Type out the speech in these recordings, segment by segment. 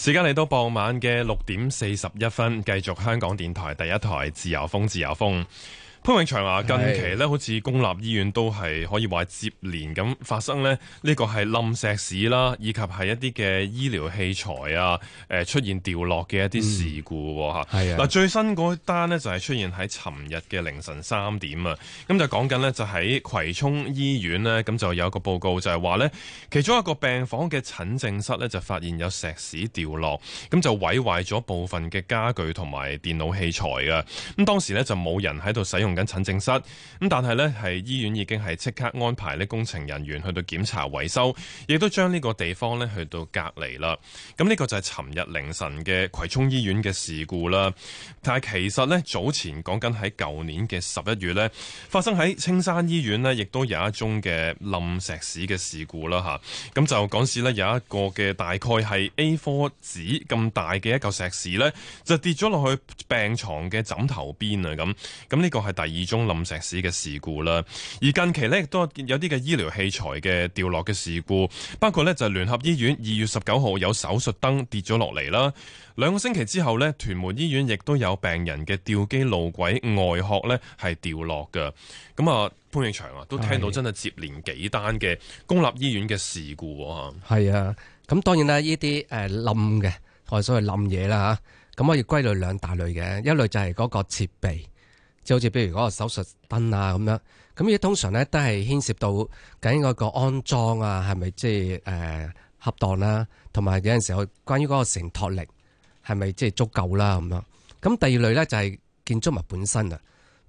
時間嚟到傍晚嘅六點四十一分，繼續香港電台第一台自由風，自由風。潘永祥啊，近期咧好似公立醫院都係可以話接連咁發生咧，呢、呢個係冧石屎啦，以及係一啲嘅醫療器材啊，誒、呃、出現掉落嘅一啲事故吓，係啊嗱，嗯、最新嗰一單咧就係出現喺尋日嘅凌晨三點啊，咁就講緊咧就喺葵涌醫院咧，咁就有一個報告就係話咧，其中一個病房嘅診症室咧就發現有石屎掉落，咁就毀壞咗部分嘅家具同埋電腦器材噶。咁當時咧就冇人喺度使用。診症室，咁但係咧，係醫院已經係即刻安排咧工程人員去到檢查維修，亦都將呢個地方咧去到隔離啦。咁呢個就係尋日凌晨嘅葵涌醫院嘅事故啦。但係其實咧，早前講緊喺舊年嘅十一月咧，發生喺青山醫院咧，亦都有一宗嘅冧石屎嘅事故啦。吓，咁就講時咧，有一個嘅大概係 A4 紙咁大嘅一嚿石屎咧，就跌咗落去病床嘅枕頭邊啊！咁，咁呢個係。第二宗冧石屎嘅事故啦，而近期呢，亦都有啲嘅醫療器材嘅掉落嘅事故，包括呢就聯合醫院二月十九號有手術燈跌咗落嚟啦。兩個星期之後呢，屯門醫院亦都有病人嘅吊機路軌外殼呢係掉落嘅。咁啊，潘永祥啊，都聽到真係接連幾單嘅公立醫院嘅事故吓。係啊，咁當然啦，呢啲誒冧嘅，我所謂冧嘢啦吓，咁可以歸類兩大類嘅，一類就係嗰個設備。即好似比如嗰個手術燈啊咁樣，咁呢啲通常咧都係牽涉到緊嗰個安裝啊，係咪即係誒恰當啦？同埋有陣時候關於嗰個承托力係咪即係足夠啦？咁樣，咁第二類咧就係建築物本身啊，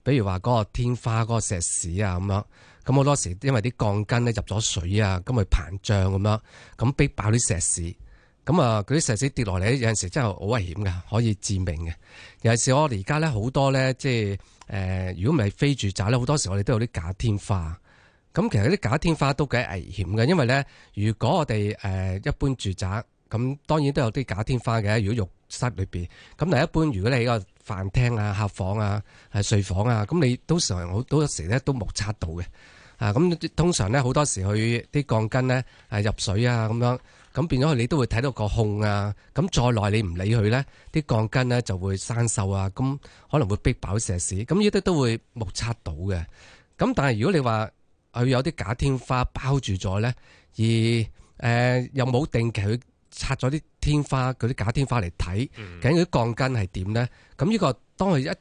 比如話嗰個天花、嗰個石屎啊咁樣，咁好多時因為啲鋼筋咧入咗水啊，咁咪膨脹咁樣，咁逼爆啲石屎。咁啊，嗰啲石屎跌落嚟，有陣時真係好危險嘅，可以致命嘅。尤其是我哋而家咧，好多咧，即係、呃、如果唔係非住宅咧，好多時我哋都有啲假天花。咁其實啲假天花都幾危險嘅，因為咧，如果我哋、呃、一般住宅，咁當然都有啲假天花嘅。如果浴室裏邊，咁但一般，如果你喺個飯廳啊、客房啊、係睡房啊，咁你都常好多時咧都目測到嘅。啊，咁通常咧好多時去啲鋼筋咧係入水啊咁樣。咁變咗佢，你都會睇到個空啊！咁再耐你唔理佢呢啲鋼筋呢，就會生鏽啊！咁可能會逼爆石屎，咁呢啲都會目測到嘅。咁但係如果你話佢有啲假天花包住咗呢，而誒又冇定期去拆咗啲天花佢啲假天花嚟睇，究竟啲鋼筋係點呢？咁呢個當佢一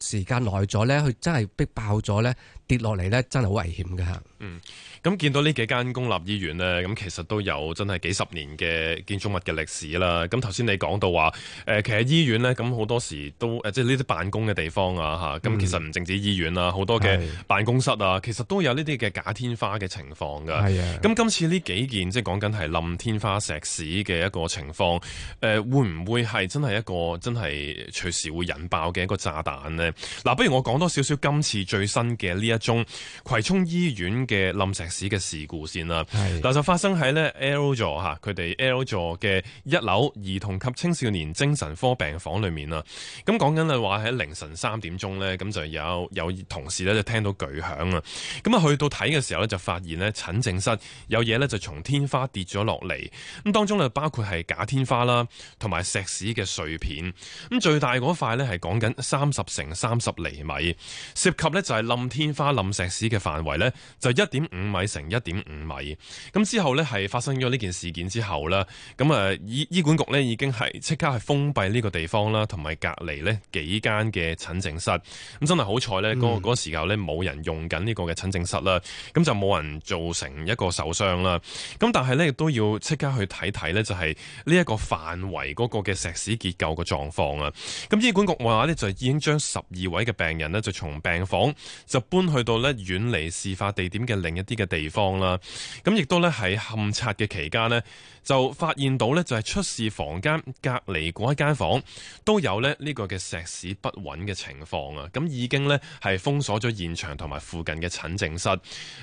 時間耐咗呢，佢真係逼爆咗呢。跌落嚟咧，真係好危險噶吓。嗯，咁見到呢幾間公立醫院咧，咁其實都有真係幾十年嘅建築物嘅歷史啦。咁頭先你講到話，誒、呃，其實醫院咧，咁好多時都誒、呃，即係呢啲辦公嘅地方啊，吓、啊，咁、嗯、其實唔淨止醫院啊，好多嘅辦公室啊，的其實都有呢啲嘅假天花嘅情況噶。係啊的。咁今次呢幾件即係講緊係冧天花石屎嘅一個情況，誒、呃，會唔會係真係一個真係隨時會引爆嘅一個炸彈咧？嗱、啊，不如我講多少少今次最新嘅呢一。中葵涌醫院嘅冧石屎嘅事故先啦，係，嗱，就發生喺咧 L 座，吓，佢哋 L 座嘅一樓兒童及青少年精神科病房裏面啦。咁講緊嘅話喺凌晨三點鐘咧，咁就有有同事咧就聽到巨響啊。咁啊去到睇嘅時候咧，就發現咧診症室有嘢咧就從天花跌咗落嚟，咁當中咧包括係假天花啦，同埋石屎嘅碎片。咁最大嗰塊咧係講緊三十乘三十厘米，涉及咧就係冧天花，林石屎嘅範圍咧，就一點五米乘一點五米。咁之後咧，係發生咗呢件事件之後呢，咁啊醫醫管局咧已經係即刻係封閉呢個地方啦，同埋隔離咧幾間嘅診症室。咁真係好彩咧，嗰嗰個時候咧冇人用緊呢個嘅診症室啦，咁就冇人造成一個受傷啦。咁但係咧，亦都要即刻去睇睇咧，就係呢一個範圍嗰個嘅石屎結構個狀況啊。咁醫管局話呢咧，就已經將十二位嘅病人咧，就從病房就搬去。去到咧遠離事發地點嘅另一啲嘅地方啦，咁亦都咧喺勘察嘅期間呢。就發現到呢，就係出事房間隔離嗰一間房都有呢個嘅石屎不穩嘅情況啊！咁已經呢，係封鎖咗現場同埋附近嘅診症室、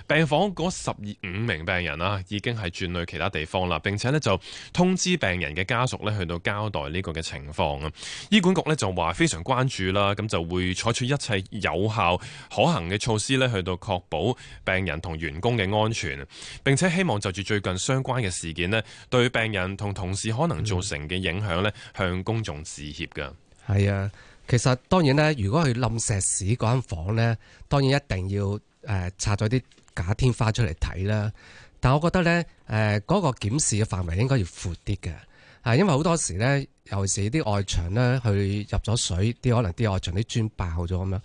病房嗰十二五名病人啊，已經係轉去其他地方啦。並且呢，就通知病人嘅家屬呢去到交代呢個嘅情況啊！醫管局呢，就話非常關注啦，咁就會採取一切有效可行嘅措施呢，去到確保病人同員工嘅安全。並且希望就住最近相關嘅事件呢。對病人同同事可能造成嘅影響咧，向公眾致歉㗎。係啊，其實當然咧，如果去冧石屎嗰間房咧，當然一定要誒拆咗啲假天花出嚟睇啦。但我覺得咧，誒、呃、嗰、那個檢視嘅範圍應該要闊啲嘅啊，因為好多時咧，尤其是啲外牆咧，去入咗水，啲可能啲外牆啲磚爆咗咁樣，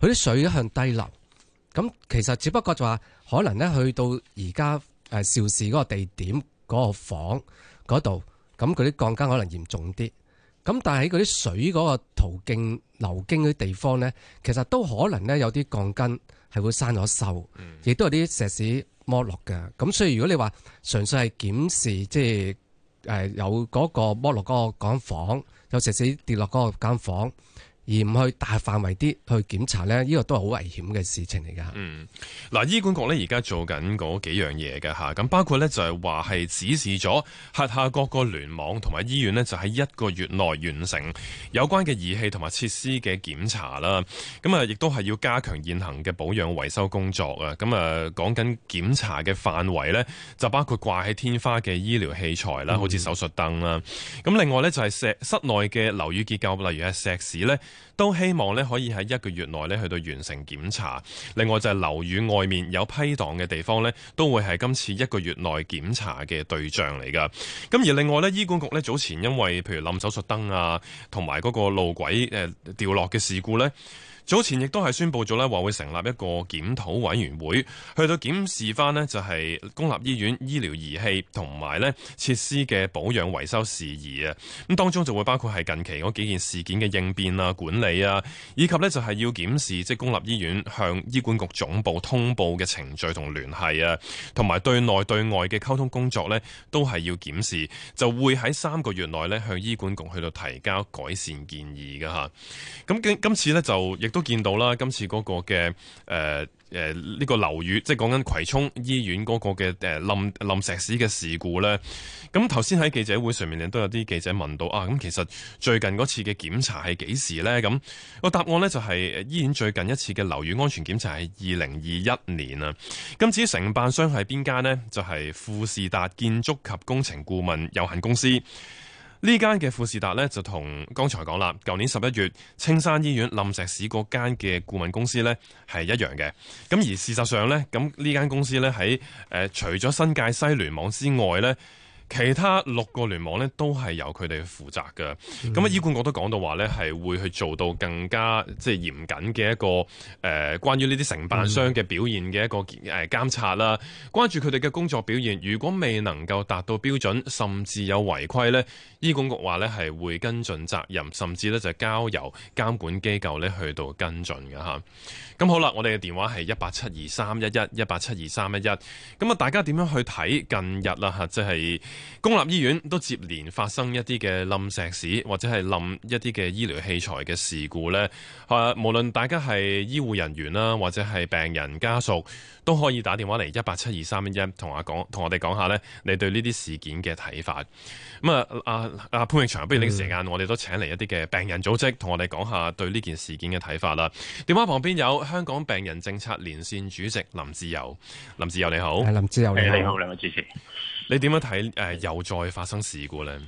佢啲、嗯、水一向低流，咁其實只不過就話可能咧，去到而家誒肇事嗰個地點。嗰個房嗰度，咁嗰啲鋼筋可能嚴重啲，咁但係喺啲水嗰個途徑流經嗰啲地方咧，其實都可能咧有啲鋼筋係會生咗鏽，亦、嗯、都有啲石屎剝落嘅。咁所以如果你話純粹係檢視，即係誒有嗰個剝落嗰個間房，有石屎跌落嗰個間房。而唔去大範圍啲去檢查呢，呢個都係好危險嘅事情嚟㗎。嗯，嗱，醫管局呢而家做緊嗰幾樣嘢㗎吓，咁包括呢，就係話係指示咗轄下各個聯網同埋醫院呢，就喺一個月內完成有關嘅儀器同埋設施嘅檢查啦。咁啊，亦都係要加強現行嘅保養維修工作啊。咁啊，講緊檢查嘅範圍呢，就包括掛喺天花嘅醫療器材啦，嗯、好似手術燈啦。咁另外呢，就係石室內嘅樓宇結構，例如係石屎呢。都希望咧可以喺一個月內咧去到完成檢查。另外就係樓宇外面有批檔嘅地方咧，都會係今次一個月內檢查嘅對象嚟㗎。咁而另外咧，醫管局咧早前因為譬如冧手術燈啊，同埋嗰個路軌誒掉落嘅事故咧，早前亦都係宣布咗呢話會成立一個檢討委員會，去到檢視翻呢就係公立醫院醫療儀器同埋呢設施嘅保養維修事宜啊。咁當中就會包括係近期嗰幾件事件嘅應變啊、管理啊，以及呢就係要檢視即係公立醫院向醫管局總部通報嘅程序同聯繫啊，同埋對內對外嘅溝通工作呢都係要檢視。就會喺三個月內呢向醫管局去到提交改善建議㗎吓，咁今次呢就亦。都見到啦，今次嗰個嘅誒呢個樓宇，即係講緊葵涌醫院嗰個嘅誒冧冧石屎嘅事故呢。咁頭先喺記者會上面都有啲記者問到啊，咁其實最近嗰次嘅檢查係幾時呢？咁、嗰個答案呢、就係，就係醫院最近一次嘅樓宇安全檢查係二零二一年啊。咁至於承辦商係邊間呢？就係、係、富士達建築及工程顧問有限公司。呢間嘅富士達呢，就同剛才講啦，舊年十一月青山醫院冧石屎嗰間嘅顧問公司呢係一樣嘅，咁而事實上呢，咁呢間公司呢，喺、呃、除咗新界西聯網之外呢。其他六個聯網咧都係由佢哋負責㗎。咁啊，醫管局都講到話呢係會去做到更加即係嚴謹嘅一個誒，關於呢啲承辦商嘅表現嘅一個誒監察啦，關注佢哋嘅工作表現。如果未能夠達到標準，甚至有違規呢，醫管局話呢係會跟進責任，甚至呢就交由監管機構呢去到跟進㗎吓。咁好啦，我哋嘅電話係一八七二三一一一八七二三一一。咁啊，大家點樣去睇近日啦吓？即係。公立醫院都接連發生一啲嘅冧石屎或者係冧一啲嘅醫療器材嘅事故呢啊，無論大家係醫護人員啦，或者係病人家屬，都可以打電話嚟一八七二三一一，同我講，同我哋講下呢你對呢啲事件嘅睇法。咁啊，阿、啊、阿、啊、潘永祥，不如呢個時間，我哋都請嚟一啲嘅病人組織，同我哋講下對呢件事件嘅睇法啦。電話旁邊有香港病人政策連線主席林志釉，林志釉你好，係林志釉，你好，兩位主持。你點樣睇？誒，又再發生事故咧？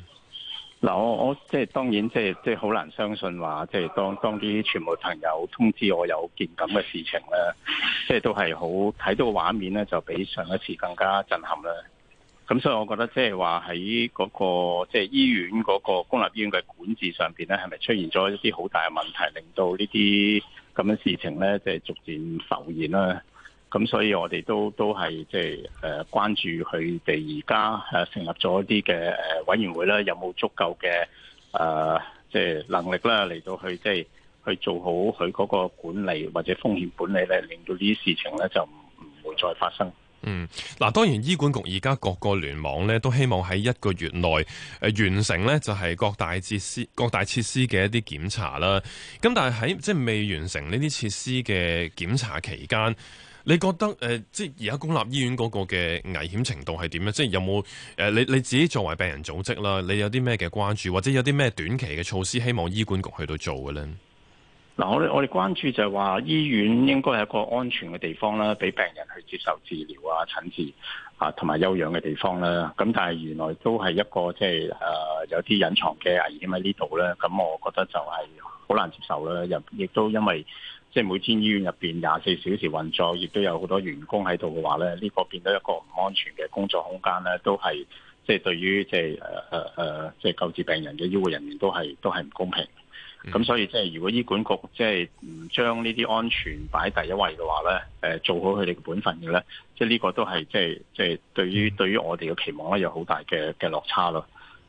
嗱，我我即係當然，即係即係好難相信話，即係當當啲全部朋友通知我有件咁嘅事情咧，即係都係好睇到個畫面咧，就比上一次更加震撼咧。咁所以我覺得即係話喺嗰個即係醫院嗰個公立醫院嘅管治上邊咧，係咪出現咗一啲好大嘅問題，令到呢啲咁嘅事情咧，即係逐漸浮現啦？咁所以我哋都都係即係誒關注佢哋而家誒成立咗一啲嘅誒委員會啦，有冇足夠嘅誒即係能力啦嚟到去即係去做好佢嗰個管理或者風險管理咧，令到呢啲事情咧就唔會再發生。嗯，嗱，當然醫管局而家各個聯網咧都希望喺一個月內誒完成咧，就係各大設施各大設施嘅一啲檢查啦。咁但係喺即係未完成呢啲設施嘅檢查期間，你覺得誒、呃，即係而家公立醫院嗰個嘅危險程度係點咧？即係有冇誒、呃？你你自己作為病人組織啦，你有啲咩嘅關注，或者有啲咩短期嘅措施，希望醫管局去到做嘅咧？嗱，我我哋關注就係話醫院應該係一個安全嘅地方啦，俾病人去接受治療啊、診治啊同埋休養嘅地方啦。咁但係原來都係一個即係誒有啲隱藏嘅危險喺呢度咧。咁我覺得就係好難接受啦。又亦都因為，即係每天醫院入邊廿四小時運作，亦都有好多員工喺度嘅話咧，呢個變到一個唔安全嘅工作空間咧，都係即係對於即係誒誒誒，即係救治病人嘅醫護人員都係都係唔公平。咁所以即係如果醫管局即係唔將呢啲安全擺第一位嘅話咧，誒做好佢哋嘅本分嘅咧，即係呢個都係即係即係對於對於我哋嘅期望咧有好大嘅嘅落差咯。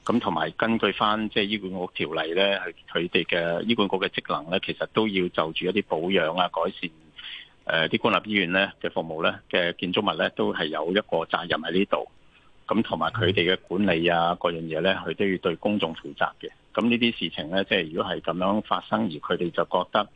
咁同埋根據翻即係醫管局條例咧，佢哋嘅醫管局嘅職能咧，其實都要就住一啲保養啊、改善誒啲、呃、公立醫院咧嘅服務咧嘅建築物咧，都係有一個責任喺呢度。咁同埋佢哋嘅管理啊，各樣嘢咧，佢都要對公眾負責嘅。咁呢啲事情咧，即係如果係咁樣發生，而佢哋就覺得誒，即、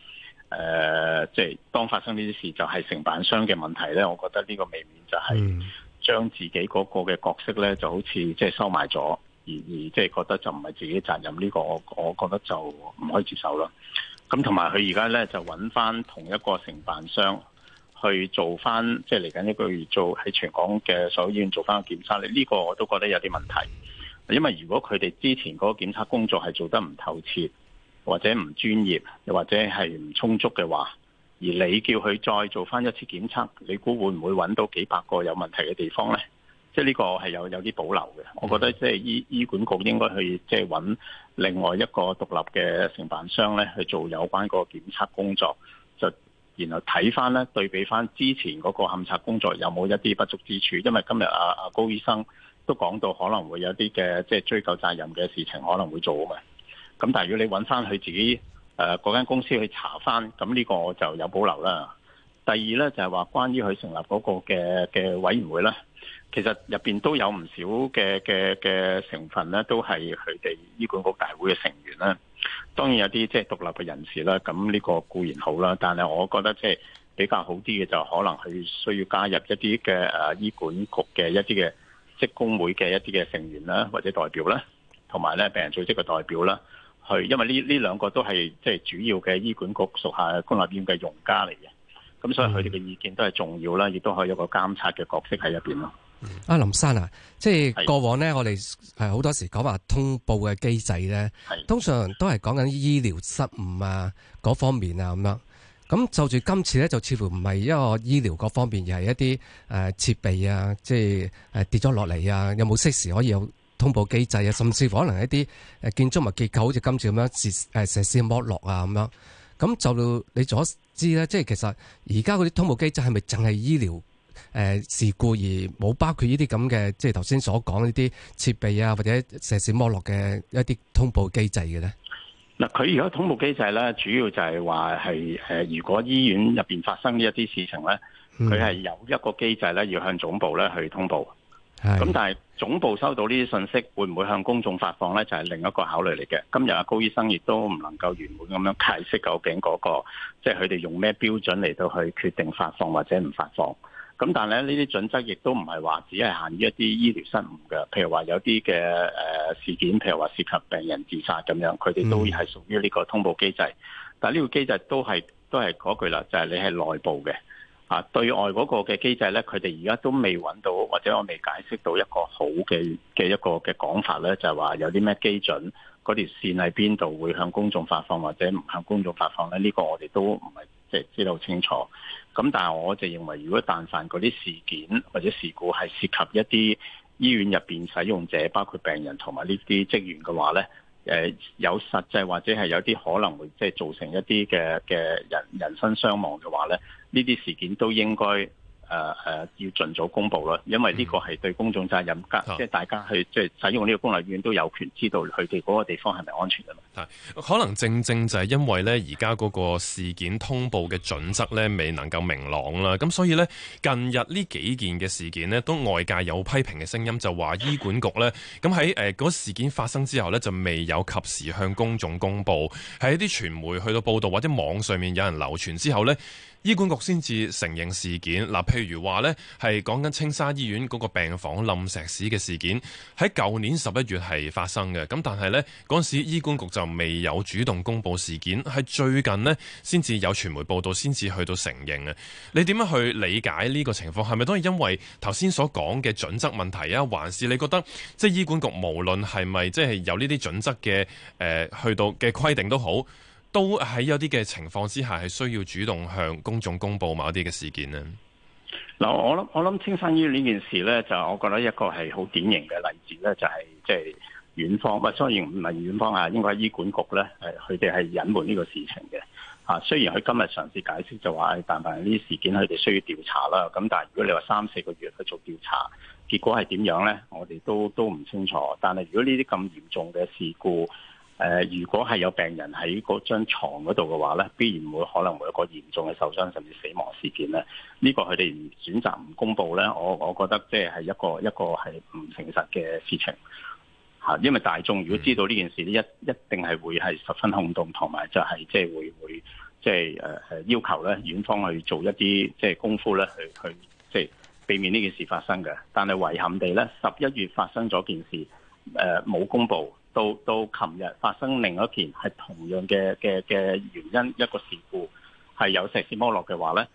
呃、係、就是、當發生呢啲事，就係承辦商嘅問題咧，我覺得呢個未免就係將自己嗰個嘅角色咧，就好似即係收埋咗。而即係覺得就唔係自己責任，呢個我覺得就唔可以接受啦。咁同埋佢而家咧就揾翻同一個承辦商去做翻，即係嚟緊一個月做喺全港嘅所有醫院做翻個檢測，咧，呢個我都覺得有啲問題，因為如果佢哋之前嗰個檢測工作係做得唔透徹或者唔專業又或者係唔充足嘅話，而你叫佢再做翻一次檢測，你估會唔會揾到幾百個有問題嘅地方咧？即係呢個係有有啲保留嘅，我覺得即係醫醫管局應該去即係揾另外一個獨立嘅承辦商咧去做有關個檢測工作，就然後睇翻咧對比翻之前嗰個勘察工作有冇一啲不足之處，因為今日阿阿高醫生都講到可能會有啲嘅即係追究責任嘅事情可能會做嘅。咁但係如果你揾翻佢自己誒嗰間公司去查翻，咁呢個我就有保留啦。第二咧就係話關於佢成立嗰個嘅嘅委員會呢。其實入邊都有唔少嘅嘅嘅成分咧，都係佢哋醫管局大會嘅成員啦。當然有啲即係獨立嘅人士啦。咁呢個固然好啦，但係我覺得即係比較好啲嘅就可能佢需要加入一啲嘅誒醫管局嘅一啲嘅職工會嘅一啲嘅成員啦，或者代表啦，同埋咧病人組織嘅代表啦，去因為呢呢兩個都係即係主要嘅醫管局屬下公立醫院嘅用家嚟嘅，咁所以佢哋嘅意見都係重要啦，亦都可以有個監察嘅角色喺入邊咯。阿、啊、林生啊，即係過往呢，我哋係好多時講話通報嘅機制呢，通常都係講緊醫療失誤啊，嗰方面啊咁樣。咁就住今次呢，就似乎唔係一個醫療嗰方面，而係一啲誒設備啊，即係誒、呃、跌咗落嚟啊，有冇適時可以有通報機制啊？甚至乎可能一啲誒、呃、建築物結構，好似今次咁樣，石誒石屎剝落啊咁樣。咁就到你所知呢，即係其實而家嗰啲通報機制係咪淨係醫療？誒、呃，事故而冇包括呢啲咁嘅，即係頭先所講呢啲設備啊，或者設施剝落嘅一啲通報機制嘅咧。嗱，佢而家通報機制咧，主要就係話係誒，如果醫院入邊發生呢一啲事情咧，佢係有一個機制咧，要向總部咧去通報。係咁的但係總部收到呢啲信息，會唔會向公眾發放咧？就係、是、另一個考慮嚟嘅。今日阿高醫生亦都唔能夠圓滿咁樣解釋究竟嗰、那個，即係佢哋用咩標準嚟到去決定發放或者唔發放。咁但係咧，呢啲準則亦都唔係話只係限於一啲醫療失誤嘅，譬如話有啲嘅誒事件，譬如話涉及病人自殺咁樣，佢哋都係屬於呢個通報機制。但係呢個機制都係都係嗰句啦，就係、是、你係內部嘅啊，對外嗰個嘅機制咧，佢哋而家都未揾到，或者我未解釋到一個好嘅嘅一個嘅講法咧，就係、是、話有啲咩基準，嗰條線喺邊度會向公眾發放，或者唔向公眾發放咧？呢、這個我哋都唔係即係知道好清楚。咁但係我就認為，如果但凡嗰啲事件或者事故係涉及一啲醫院入邊使用者，包括病人同埋呢啲職員嘅話呢，誒有實際或者係有啲可能會即係造成一啲嘅嘅人人身傷亡嘅話呢，呢啲事件都應該。誒誒、呃呃，要盡早公布啦，因為呢個係對公眾責任，即係、嗯、大家去即、就是、使用呢個公立醫院都有權知道佢哋嗰個地方係咪安全嘅嘛。可能正正就係因為呢而家嗰個事件通報嘅準則呢未能夠明朗啦，咁所以呢，近日呢幾件嘅事件呢，都外界有批評嘅聲音，就話醫管局呢，咁喺誒嗰事件發生之後呢，就未有及時向公眾公布，喺啲傳媒去到報導或者網上面有人流傳之後呢。醫管局先至承認事件，嗱，譬如話呢，係講緊青山醫院嗰個病房冧石屎嘅事件，喺舊年十一月係發生嘅，咁但係呢，嗰陣時醫管局就未有主動公布事件，係最近呢，先至有傳媒報道，先至去到承認。你點樣去理解呢個情況？係咪都係因為頭先所講嘅準則問題啊？還是你覺得即係醫管局無論係咪即係有呢啲準則嘅誒，去到嘅規定都好？都喺有啲嘅情況之下，係需要主動向公眾公布某啲嘅事件呢。嗱，我諗我諗青山醫院呢件事呢，就我覺得一個係好典型嘅例子呢，就係即係院方，唔係當然唔係院方啊，應該係醫管局呢，誒佢哋係隱瞞呢個事情嘅。啊，雖然佢今日嘗試解釋就話，但凡呢啲事件佢哋需要調查啦。咁但係如果你話三四個月去做調查，結果係點樣呢？我哋都都唔清楚。但係如果呢啲咁嚴重嘅事故，誒、呃，如果係有病人喺嗰張牀嗰度嘅話咧，必然會可能會有一個嚴重嘅受傷甚至死亡事件咧。呢、呢個佢哋選擇唔公布咧，我我覺得即係係一個一個係唔誠實嘅事情嚇。因為大眾如果知道呢件事，一一定係會係十分轟動，同埋就係即係會會即係誒誒要求咧院方去做一啲即係功夫咧，去去即係避免呢件事發生嘅。但係遺憾地咧，十一月發生咗件事，誒、呃、冇公布。到到琴日發生另一件係同樣嘅嘅嘅原因一個事故係有石屎剝落嘅話咧，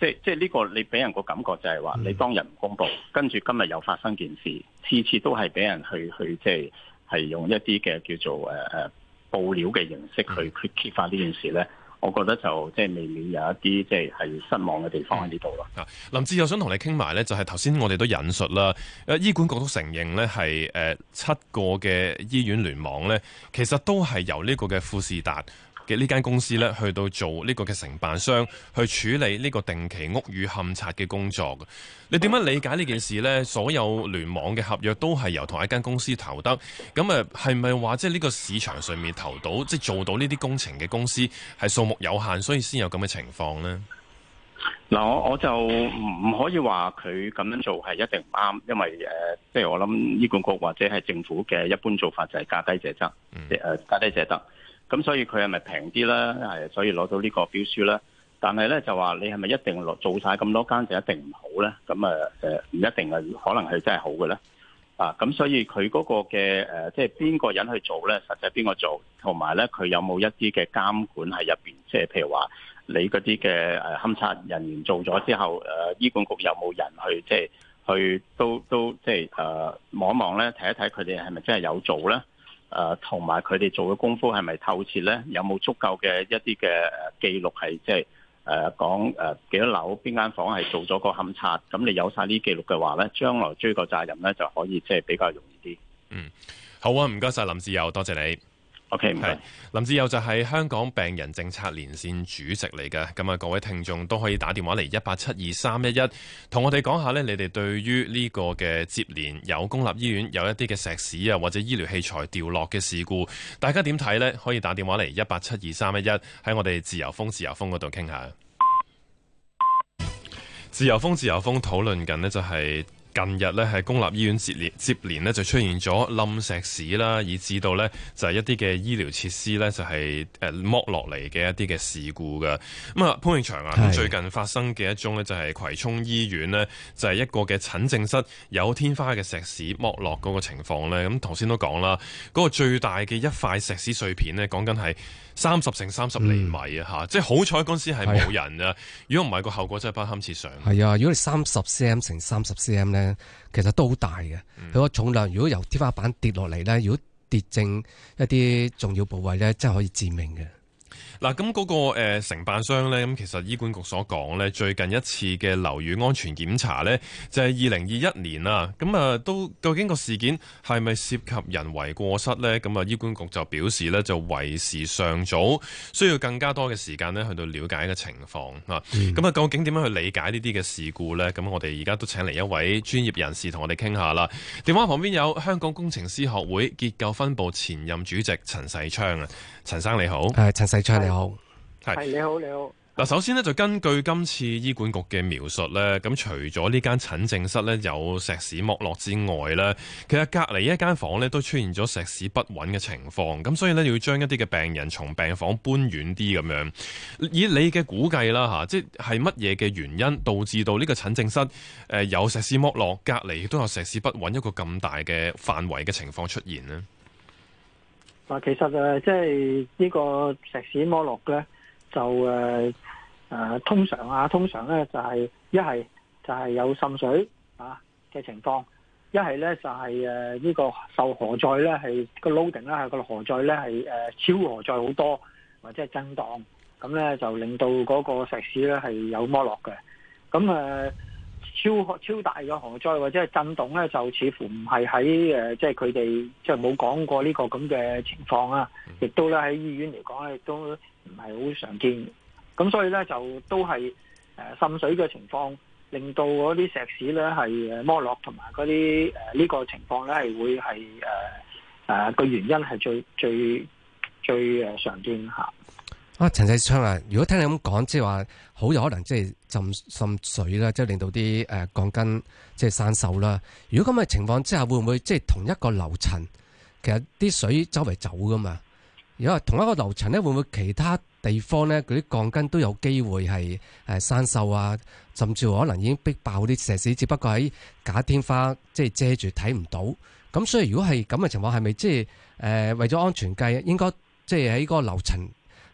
即即呢個你俾人個感覺就係話你當日唔公佈，跟住今日又發生件事，次次都係俾人去去即係係用一啲嘅叫做誒誒、啊、報料嘅形式去揭揭發呢件事咧。我覺得就即係未免有一啲即係係失望嘅地方喺呢度咯。啊，林志釉想同你傾埋咧，就係頭先我哋都引述啦。誒，醫管局都承認咧，係誒七個嘅醫院聯網咧，其實都係由呢個嘅富士達嘅呢間公司咧，去到做呢個嘅承辦商，去處理呢個定期屋宇勘察嘅工作嘅。你點樣理解呢件事咧？所有聯網嘅合約都係由同一間公司投得，咁啊，係咪話即係呢個市場上面投到，即係做到呢啲工程嘅公司係數目有限，所以先有咁嘅情況咧？嗱、嗯，我我就唔可以話佢咁樣做係一定唔啱，因為誒，即係我諗醫管局或者係政府嘅一般做法就係價低者得，誒價低者得。咁所以佢係咪平啲咧？係所以攞到呢個標書咧？但係咧就話你係咪一定落做晒咁多間就一定唔好咧？咁啊誒唔一定係可能係真係好嘅咧啊！咁所以佢嗰個嘅誒、呃、即係邊個人去做咧，實際邊個做，同埋咧佢有冇一啲嘅監管喺入邊？即係譬如話你嗰啲嘅誒監察人員做咗之後，誒、呃、醫管局有冇人去即係去都都即係誒望一望咧，睇一睇佢哋係咪真係有做咧？誒同埋佢哋做嘅功夫係咪透徹呢？有冇足夠嘅一啲嘅記錄係即係誒講誒幾多樓邊間房係做咗個勘察？咁你有晒呢記錄嘅話呢，將來追個責任呢，就可以即係比較容易啲。嗯，好啊，唔該晒林志釉，多謝你。OK，林志釉就係香港病人政策連線主席嚟嘅，咁啊各位聽眾都可以打電話嚟一八七二三一一，同我哋講下咧，你哋對於呢個嘅接連有公立醫院有一啲嘅石屎啊，或者醫療器材掉落嘅事故，大家點睇呢？可以打電話嚟一八七二三一一，喺我哋自由風自由風嗰度傾下。自由風自由風討論緊呢就係。近日呢，係公立醫院接連接連呢就出現咗冧石屎啦，以至到呢就係一啲嘅醫療設施呢，就係誒剝落嚟嘅一啲嘅事故嘅。咁啊、嗯、潘永祥啊，最近發生嘅一宗呢，就係葵涌醫院呢，就係一個嘅診症室有天花嘅石屎剝落嗰個情況呢。咁頭先都講啦，嗰、嗰個最大嘅一塊石屎碎片呢，講緊係三十乘三十厘米啊嚇！即係、嗯、好彩嗰時係冇人啊，如果唔係個後果真係不堪設想。係啊，如果你三十 cm 乘三十 cm 呢。其實都好大嘅，佢個重量，如果由天花板跌落嚟咧，如果跌正一啲重要部位咧，真係可以致命嘅。嗱，咁、嗰個誒、呃、承辦商咧，咁其實醫管局所講咧，最近一次嘅樓宇安全檢查咧，就係二零二一年啦。咁啊，都究竟個事件係咪涉及人為過失咧？咁啊，醫管局就表示咧，就為時尚早，需要更加多嘅時間咧，去到了解個情況啊。咁啊、嗯，究竟點樣去理解呢啲嘅事故咧？咁我哋而家都請嚟一位專業人士同我哋傾下啦。電話旁邊有香港工程師學會結構分部前任主席陳世昌啊，陳生你好，係陳世昌。你好。你好，係是你好，你好。嗱，首先呢，就根據今次醫管局嘅描述呢，咁除咗呢間診症室呢有石屎剝落之外呢，其實隔籬一間房呢都出現咗石屎不穩嘅情況，咁所以呢，要將一啲嘅病人從病房搬遠啲咁樣。以你嘅估計啦，吓，即係乜嘢嘅原因導致到呢個診症室誒有石屎剝落，隔籬都有石屎不穩一個咁大嘅範圍嘅情況出現呢？嗱，其實誒，即、就、呢、是、個石屎剝落咧，就通常啊，啊，通常咧、啊、就係一係就係有滲水啊嘅情況，一係咧就係、是、呢個受荷載咧，係、那個 loading 咧，係個荷載咧係超荷載好多，或者係震盪，咁咧就令到嗰個石屎咧係有剝落嘅，咁超超大嘅洪災或者係震動咧，就似乎唔係喺誒，即係佢哋即係冇講過呢個咁嘅情況啊！亦都咧喺醫院嚟講，亦都唔係好常見。咁所以咧就都係誒滲水嘅情況，令到嗰啲石屎咧係剝落同埋嗰啲誒呢個情況咧係會係誒誒個原因係最最最誒常見嚇。啊，陳世昌啊！如果聽你咁講，即係話好有可能即係浸浸水啦，即係令到啲誒鋼筋即係生鏽啦。如果咁嘅情況之下，會唔會即係同一個樓層，其實啲水周圍走噶嘛。如果同一個樓層咧，會唔會其他地方咧，嗰啲鋼筋都有機會係誒生鏽啊？甚至可能已經逼爆啲石屎，只不過喺假天花即係遮住睇唔到。咁所以如果係咁嘅情況，係咪即係誒為咗安全計，應該即係喺嗰個樓層，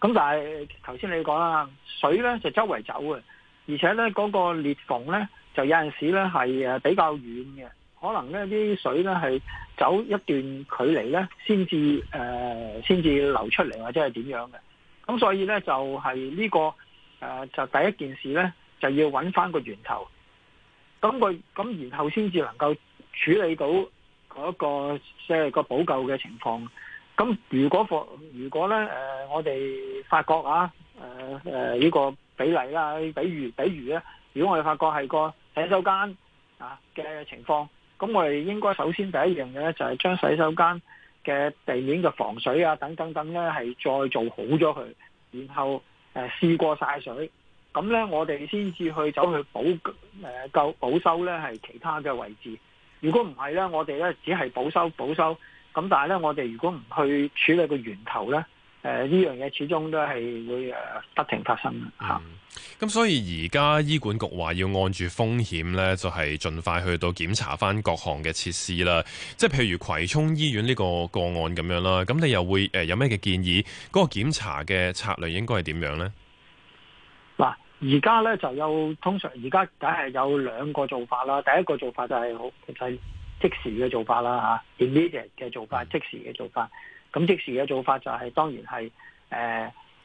咁但係頭先你講啦，水呢就周圍走嘅，而且呢嗰個裂縫呢就有陣時呢係誒比較遠嘅，可能呢啲水呢係走一段距離呢先至誒先至流出嚟或者係點樣嘅。咁所以呢，就係呢個誒就第一件事呢，就要揾翻個源頭，咁佢咁然後先至能夠處理到嗰個即係個補救嘅情況。咁如果放如果咧誒、呃，我哋發覺啊誒誒呢個比例啦、啊，比如比如咧，如果我哋發覺係個洗手間啊嘅情況，咁我哋應該首先第一樣嘢咧，就係、是、將洗手間嘅地面嘅防水啊等等等咧，係再做好咗佢，然後誒試過晒水，咁咧我哋先至去走去補誒保修咧，係其他嘅位置。如果唔係咧，我哋咧只係保修保修。咁但係咧，我哋如果唔去處理個源頭咧，誒呢樣嘢始終都係會誒不停發生嘅咁、嗯、所以而家醫管局話要按住風險咧，就係、是、盡快去到檢查翻各項嘅設施啦。即係譬如葵涌醫院呢個個案咁樣啦，咁你又會誒、呃、有咩嘅建議？嗰、那個檢查嘅策略應該係點樣咧？嗱，而家咧就有通常而家梗係有兩個做法啦。第一個做法就係、是、好就係。即時嘅做法啦嚇，immediate 嘅做法，即時嘅做法。咁即時嘅做法就係、是、當然係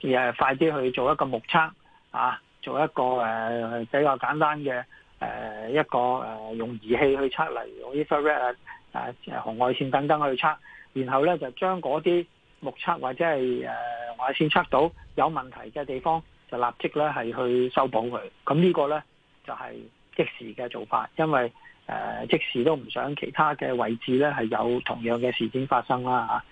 誒誒快啲去做一個目測啊，做一個誒、呃、比較簡單嘅誒、呃、一個誒、呃、用儀器去測，例如用 infrared 啊紅外線等等去測，然後咧就將嗰啲目測或者係誒紅外線測到有問題嘅地方，就立即咧係去修補佢。咁呢個咧就係、是、即時嘅做法，因為。誒、呃，即時都唔想其他嘅位置咧，係有同樣嘅事件發生啦、啊、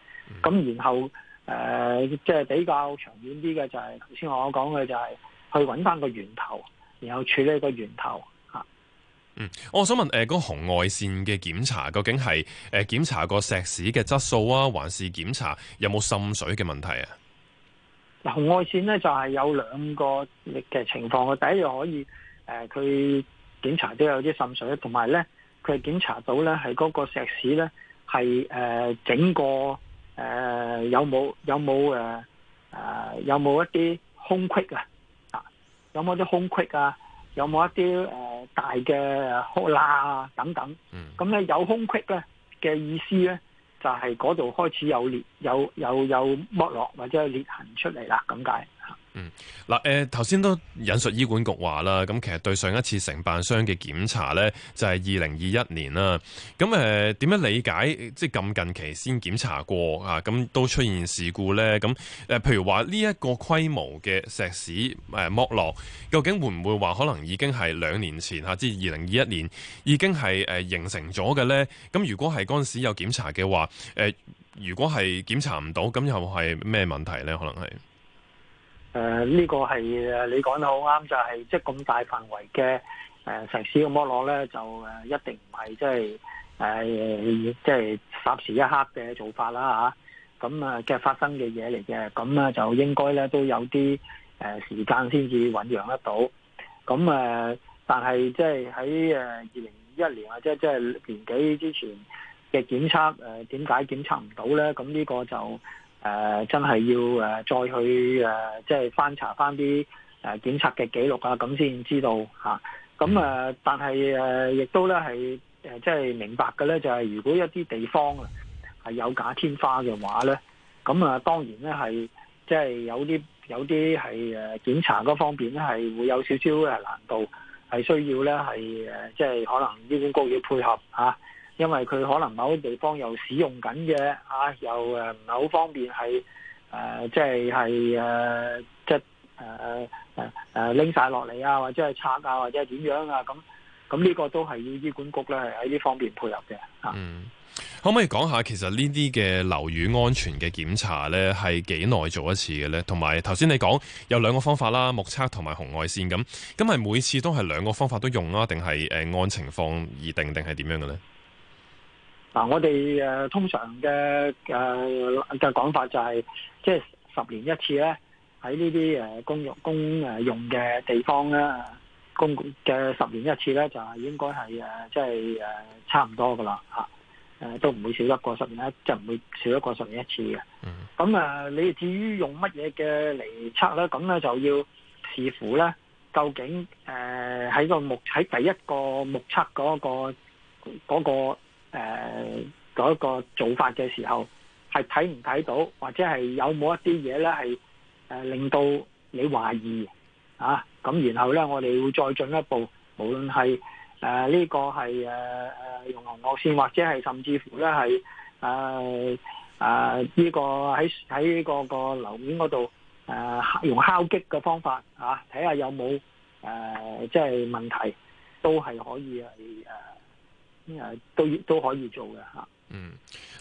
吓。咁、嗯、然後誒、呃，即係比較長遠啲嘅就係頭先我講嘅，就係去揾翻個源頭，然後處理個源頭吓。嗯，我想問誒，嗰、呃那個、紅外線嘅檢查究竟係誒、呃、檢查個石屎嘅質素啊，還是檢查有冇滲水嘅問題啊？嗱，紅外線咧就係、是、有兩個力嘅情況嘅，第一樣可以誒佢。呃檢查都有啲滲水，同埋咧佢係檢查到咧係嗰個石屎咧係誒整個誒、呃、有冇有冇誒誒有冇一啲空隙啊？啊，有冇啲空隙啊？有冇有一啲誒、呃、大嘅空罅啊？等等，咁咧、嗯、有空隙咧嘅意思咧就係嗰度開始有裂，有有有剝落或者係裂痕出嚟啦，咁解。嗯，嗱，誒，頭先都引述醫管局話啦，咁其實對上一次承辦商嘅檢查呢，就係二零二一年啦。咁誒，點樣理解？即係咁近期先檢查過啊，咁都出現事故呢？咁誒，譬如話呢一個規模嘅石屎誒剝落，究竟會唔會話可能已經係兩年前吓，即係二零二一年已經係誒形成咗嘅呢？咁如果係嗰陣時有檢查嘅話，誒，如果係檢查唔到，咁又係咩問題呢？可能係？誒、呢、呃這個係誒你講得好啱，就係、是、即係咁大範圍嘅誒石屎嘅剝落咧，就誒一定唔係即係誒、呃、即係霎時一刻嘅做法啦吓。咁啊嘅發生嘅嘢嚟嘅，咁啊就應該咧都有啲誒、呃、時間先至醞釀得到。咁誒、呃，但係即係喺誒二零一一年或者即係年幾之前嘅檢測誒，點解檢測唔到咧？咁呢個就。誒、呃、真係要誒再去誒、呃，即係翻查翻啲誒檢查嘅記錄啊，咁先知道嚇。咁、呃、誒，但係誒亦都咧係即係明白嘅咧，就係、是、如果一啲地方啊係有假天花嘅話咧，咁啊當然咧係即係有啲有啲係誒檢查嗰方面咧係會有少少誒難度，係需要咧係即係可能醫管局要配合嚇。啊因為佢可能某啲地方又使用緊嘅，啊，又誒唔係好方便係，係、呃、誒，即係係誒，即誒誒誒誒拎晒落嚟啊，或者係拆啊，或者係點樣啊？咁咁呢個都係要醫管局咧，喺呢方面配合嘅。啊、嗯，可唔可以講下其實呢啲嘅樓宇安全嘅檢查咧，係幾耐做一次嘅咧？同埋頭先你講有兩個方法啦，目測同埋紅外線咁，咁係每次都係兩個方法都用啊？定係誒按情況而定，定係點樣嘅咧？嗱，我哋誒通常嘅誒嘅講法就係，即係十年一次咧，喺呢啲誒公用公誒用嘅地方咧，公嘅十年一次咧，就係應該係誒即係誒差唔多噶啦嚇，誒都唔會少得過十年，即係唔會少得過十年一次嘅。咁啊，你至於用乜嘢嘅嚟測咧？咁咧就要視乎咧，究竟誒喺個目喺第一個目測嗰個嗰個。誒嗰個做法嘅時候，係睇唔睇到，或者係有冇一啲嘢咧係誒令到你懷疑啊？咁然後咧，我哋會再進一步，無論係誒呢個係誒誒用紅外線，或者係甚至乎咧係誒誒呢個喺喺個個樓面嗰度誒用敲擊嘅方法啊，睇下有冇誒即係問題，都係可以係誒。都都可以做嘅吓。嗯，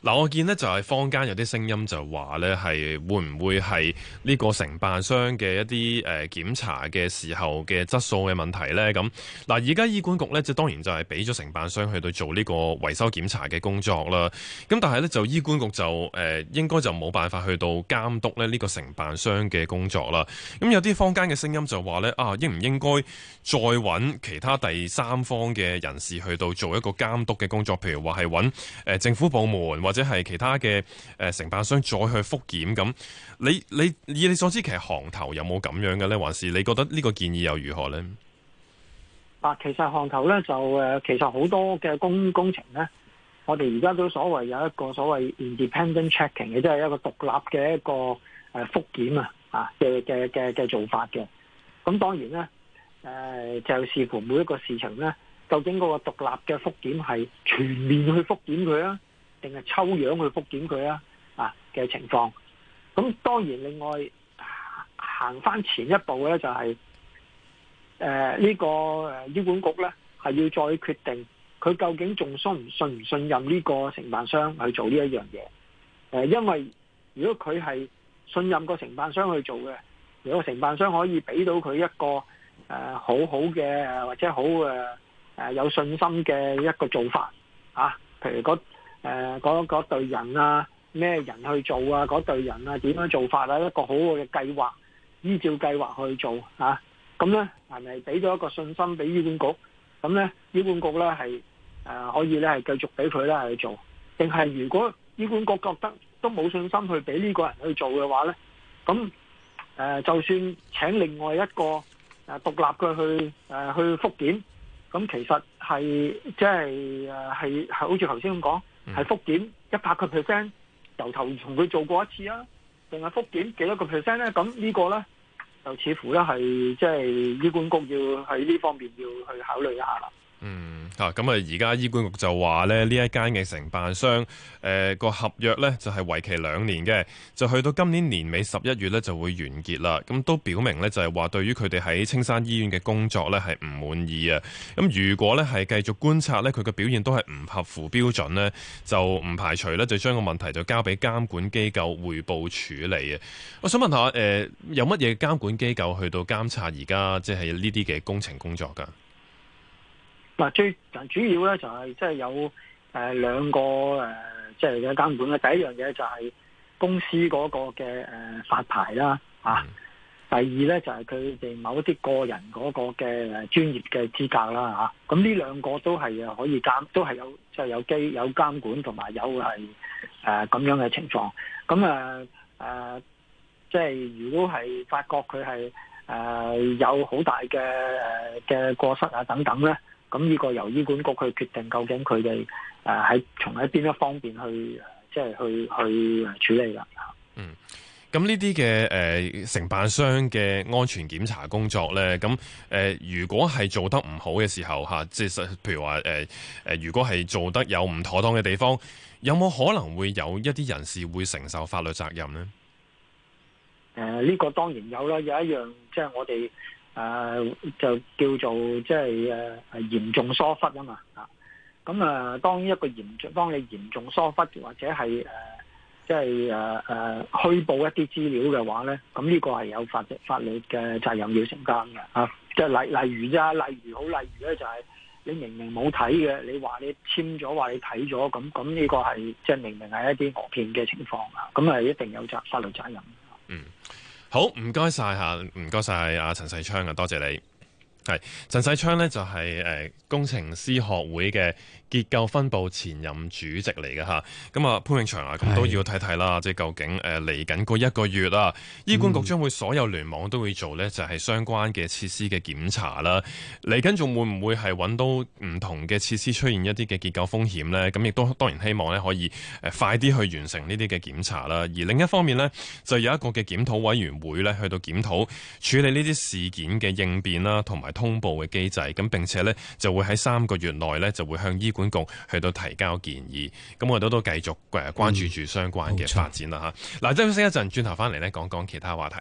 嗱，我見咧就係坊間有啲聲音就話咧係會唔會係呢個承辦商嘅一啲誒檢查嘅時候嘅質素嘅問題咧？咁嗱，而家醫管局咧即係當然就係俾咗承辦商去到做呢個維修檢查嘅工作啦。咁但係咧就醫管局就誒、呃、應該就冇辦法去到監督咧呢個承辦商嘅工作啦。咁有啲坊間嘅聲音就話咧啊，應唔應該再揾其他第三方嘅人士去到做一個監督嘅工作？譬如話係揾誒政府政府部門或者係其他嘅，誒、呃、承辦商再去復檢咁，你你以你所知其實行頭有冇咁樣嘅咧？還是你覺得呢個建議又如何咧？啊，其實行頭咧就誒，其實好多嘅工工程咧，我哋而家都所謂有一個所謂 independent checking，即係一個獨立嘅一個誒復檢啊，啊嘅嘅嘅嘅做法嘅。咁當然咧，誒、呃、就視乎每一個事情咧，究竟嗰個獨立嘅復檢係全面去復檢佢啊。定係抽樣去復檢佢啊。啊嘅情況，咁當然另外行翻前一步呢，就係，就係誒呢個醫管局呢，係要再決定佢究竟仲信唔信唔信任呢個承辦商去做呢一樣嘢。誒，因為如果佢係信任個承辦商去做嘅，如果承辦商可以俾到佢一個誒、呃、好好嘅或者好誒誒、呃、有信心嘅一個做法啊，譬如誒，嗰嗰隊人啊，咩人去做啊？嗰隊人啊，點樣做法啊？一個好好嘅計劃，依照計劃去做吓，咁咧係咪俾咗一個信心俾醫管局？咁咧，醫管局咧係誒可以咧係繼續俾佢咧去做，定係如果醫管局覺得都冇信心去俾呢個人去做嘅話咧，咁誒就算請另外一個誒獨立嘅去誒去復檢，咁其實係即係誒係係好似頭先咁講。係復檢一百個 percent，由頭同佢做過一次啊，定係復檢幾多個 percent 咧？咁呢個咧，就似乎咧係即係醫管局要喺呢方面要去考慮一下啦。嗯，吓咁啊！而家醫管局就話咧，呢一間嘅承辦商，誒、呃、個合約呢，就係為期兩年嘅，就去到今年年尾十一月呢就會完結啦。咁都表明呢，就係話，對於佢哋喺青山醫院嘅工作呢係唔滿意啊。咁如果呢係繼續觀察呢，佢嘅表現都係唔合乎標準呢，就唔排除呢，就將個問題就交俾監管機構匯報處理啊。我想問下，誒、呃、有乜嘢監管機構去到監察而家即係呢啲嘅工程工作噶？嗱，最主要咧，就係即係有誒兩個誒，即係嘅監管咧。第一樣嘢，就係公司嗰個嘅誒發牌啦，啊，第二咧，就係佢哋某啲個人嗰個嘅誒專業嘅資格啦，啊，咁呢兩個都係啊可以監，都係有即係、就是、有監有監管同埋有係誒咁樣嘅情況。咁啊誒，即、呃、係、就是、如果係發覺佢係誒有好大嘅誒嘅過失啊等等咧。咁呢個由醫管局去決定，究竟佢哋誒喺從喺邊一方面去即係、即係、去去處理啦嗯，咁呢啲嘅誒承辦商嘅安全檢查工作咧，咁誒、呃、如果係做得唔好嘅時候吓，即係譬如話誒誒如果係做得有唔妥當嘅地方，有冇可能會有一啲人士會承受法律責任呢？誒、呃，呢、呢個當然有啦，有一樣即係、即係、我哋。誒、呃、就叫做即係誒、呃、嚴重疏忽啊嘛啊！咁啊，當一個嚴重，當你嚴重疏忽或者係誒、呃、即係誒誒虛報一啲資料嘅話咧，咁呢個係有法律法律嘅責任要承擔嘅啊！即係例例如啫，例如好例如咧，就係、是、你明明冇睇嘅，你話你簽咗，話你睇咗，咁咁呢個係即係明明係一啲呃騙嘅情況啊！咁啊，一定有責法律責任的。嗯。好，唔該晒嚇，唔該曬阿陳世昌啊，多謝你係陳世昌呢就係、係、誒、呃、工程師學會嘅。結構分部前任主席嚟嘅吓，咁啊潘永祥啊，咁都要睇睇啦，即係究竟誒嚟緊嗰一個月啊，醫管局將會所有聯網都會做呢，就係相關嘅設施嘅檢查啦。嚟緊仲會唔會係揾到唔同嘅設施出現一啲嘅結構風險呢？咁亦都當然希望呢，可以誒快啲去完成呢啲嘅檢查啦。而另一方面呢，就有一個嘅檢討委員會呢，去到檢討處理呢啲事件嘅應變啦，同埋通報嘅機制。咁並且呢，就會喺三個月內呢，就會向醫。本局去到提交建議，咁我哋都都繼續關注住相關嘅發展啦嚇。嗱、嗯，休息一陣，轉頭翻嚟咧，講講其他話題。